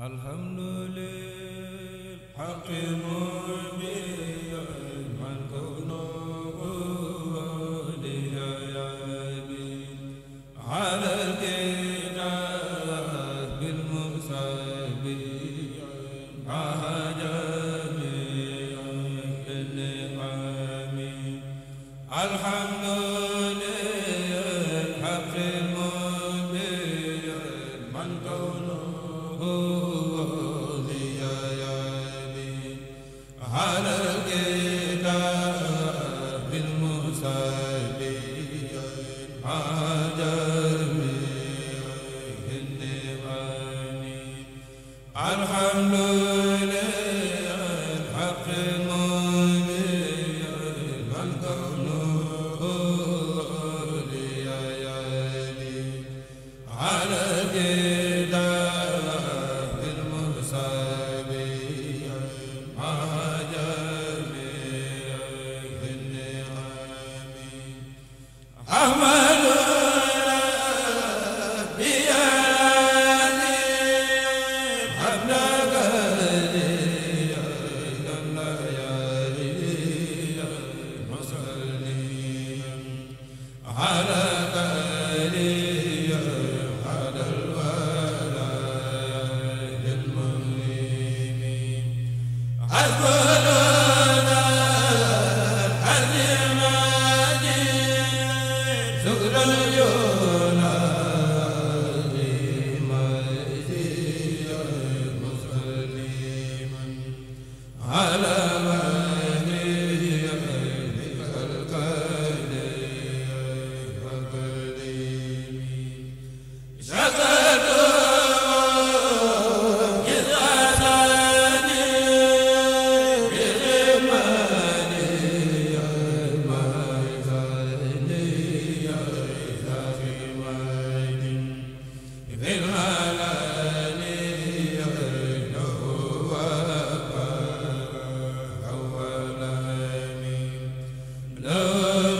الحمد لله la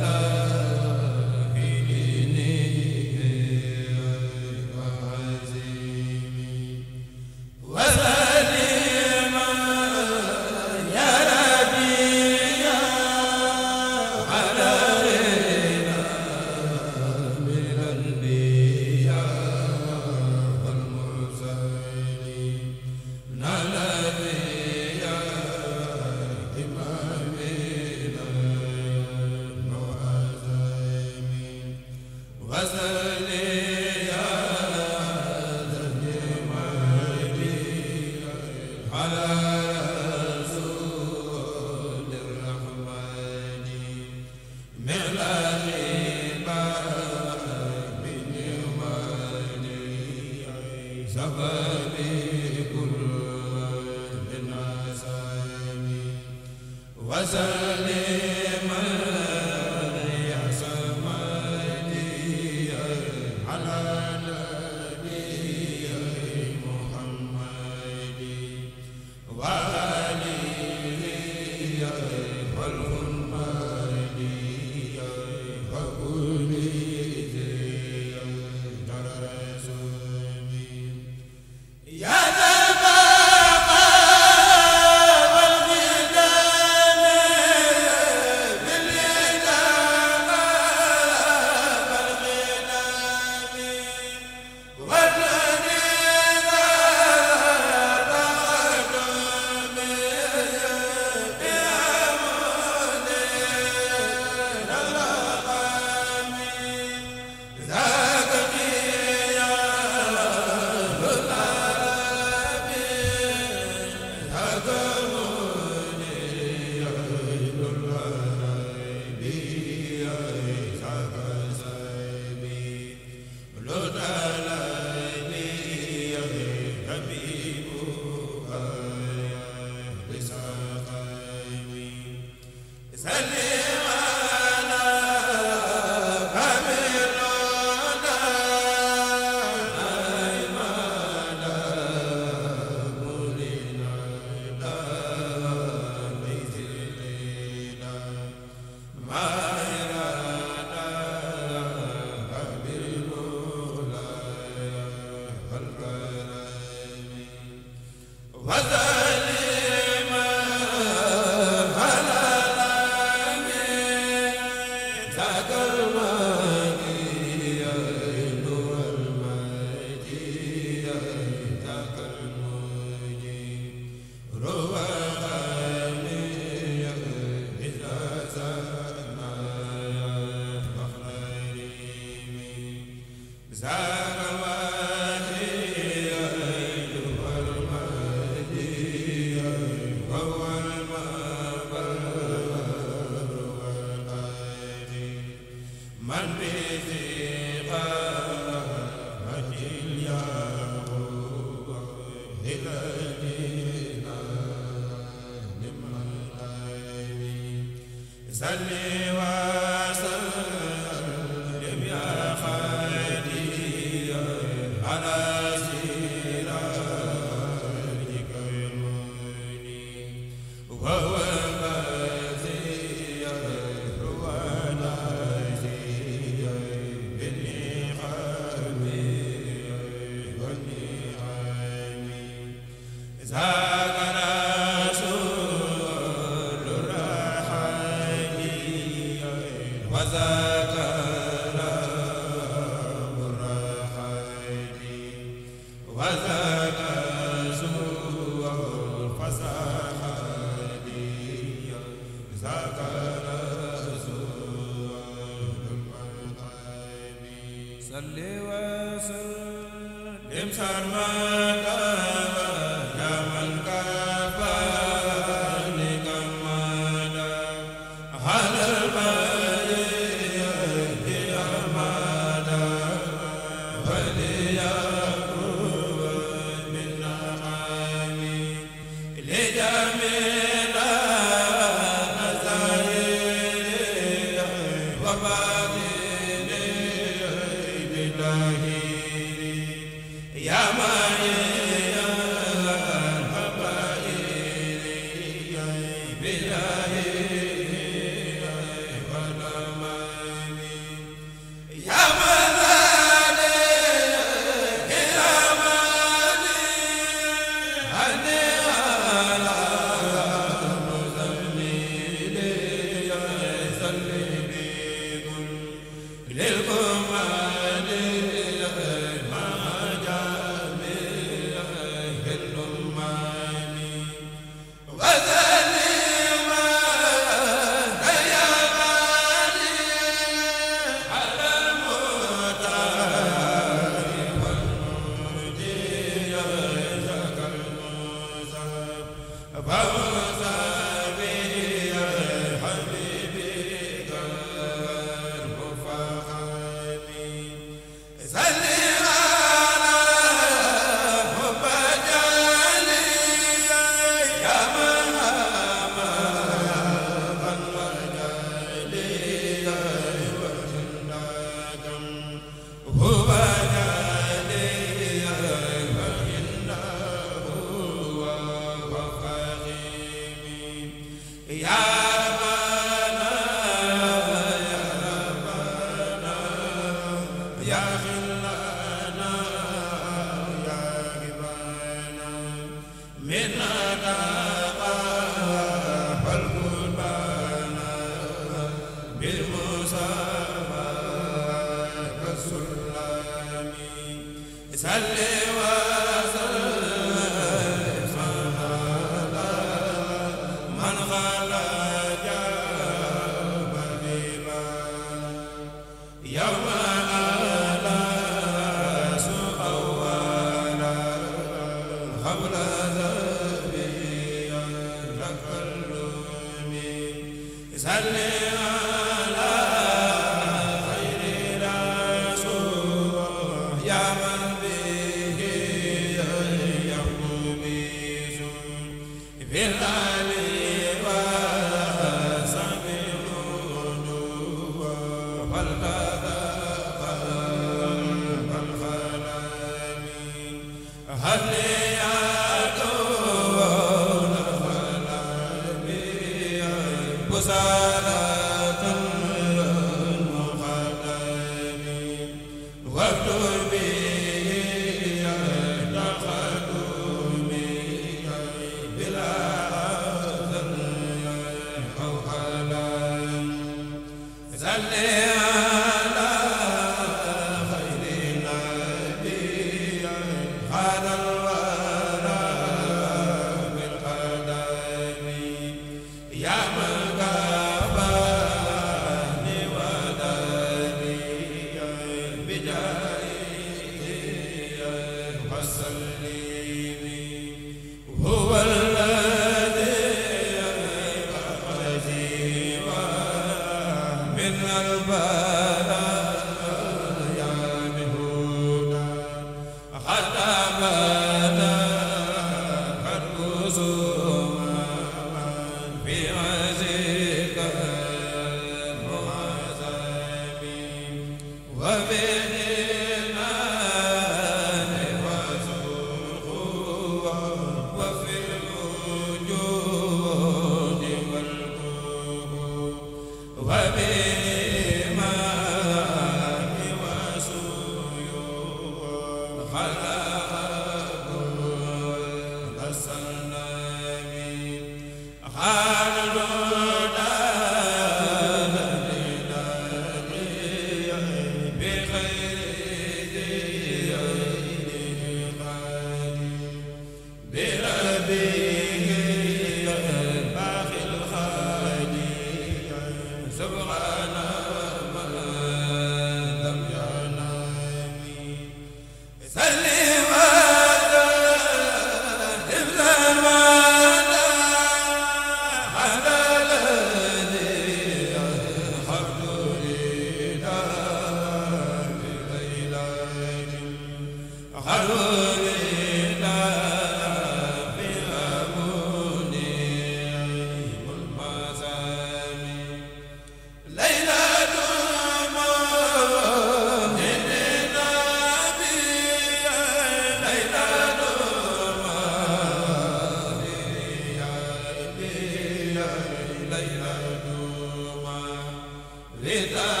li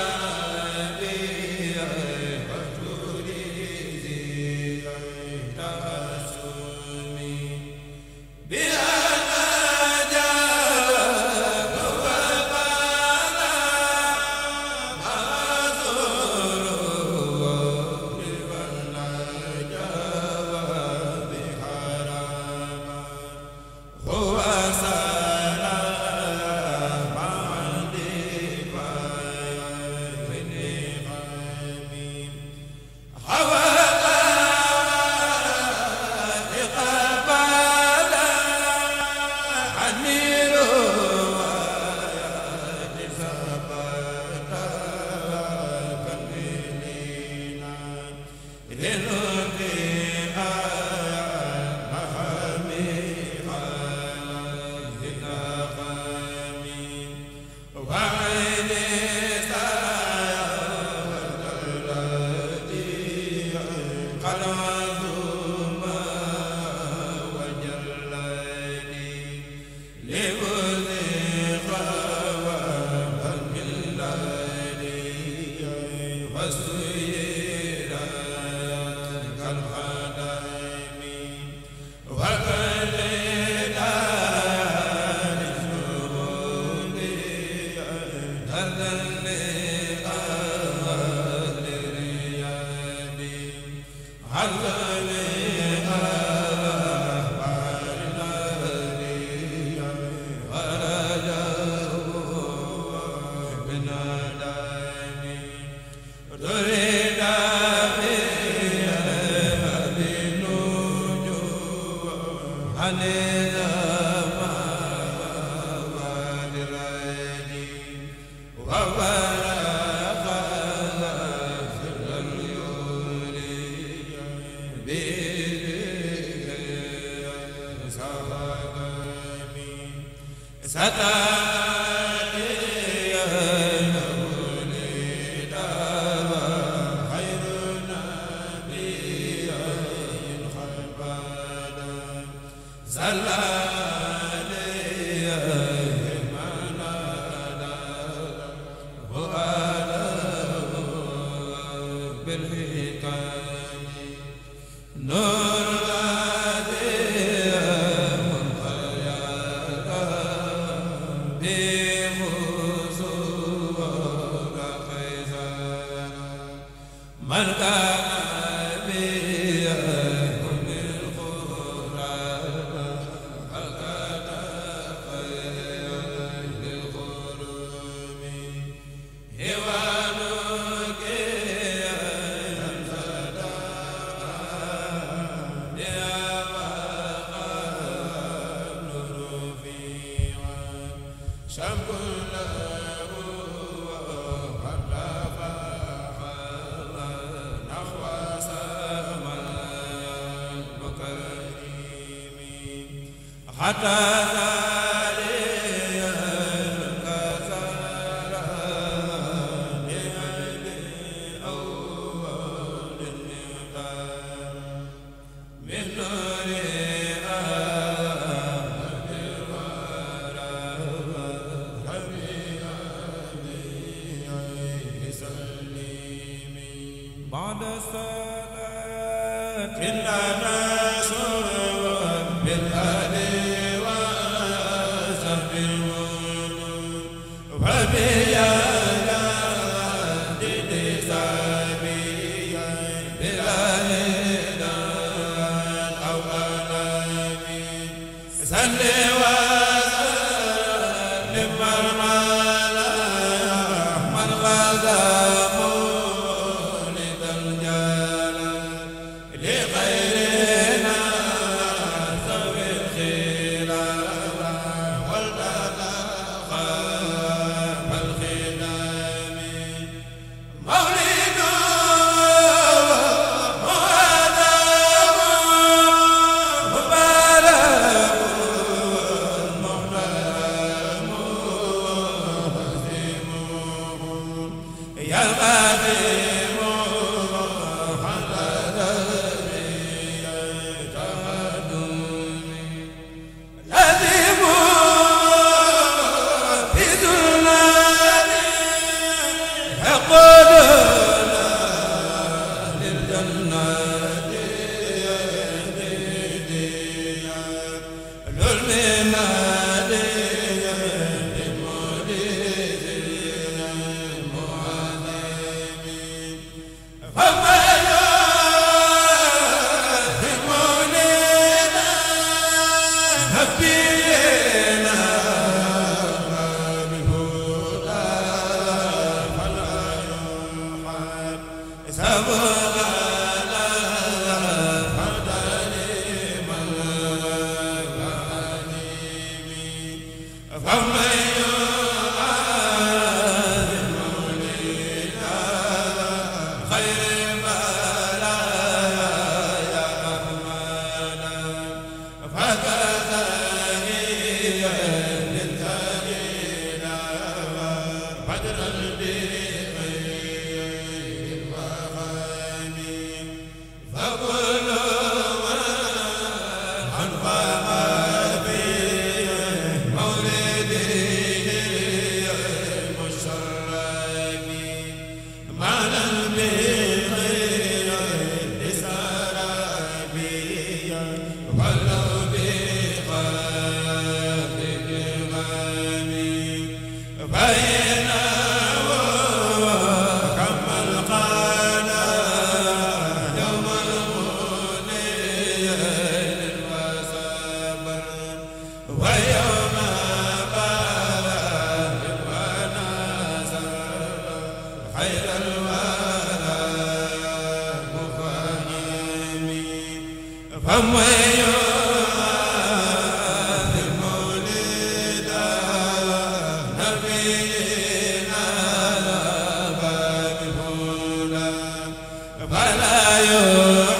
yo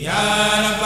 yaa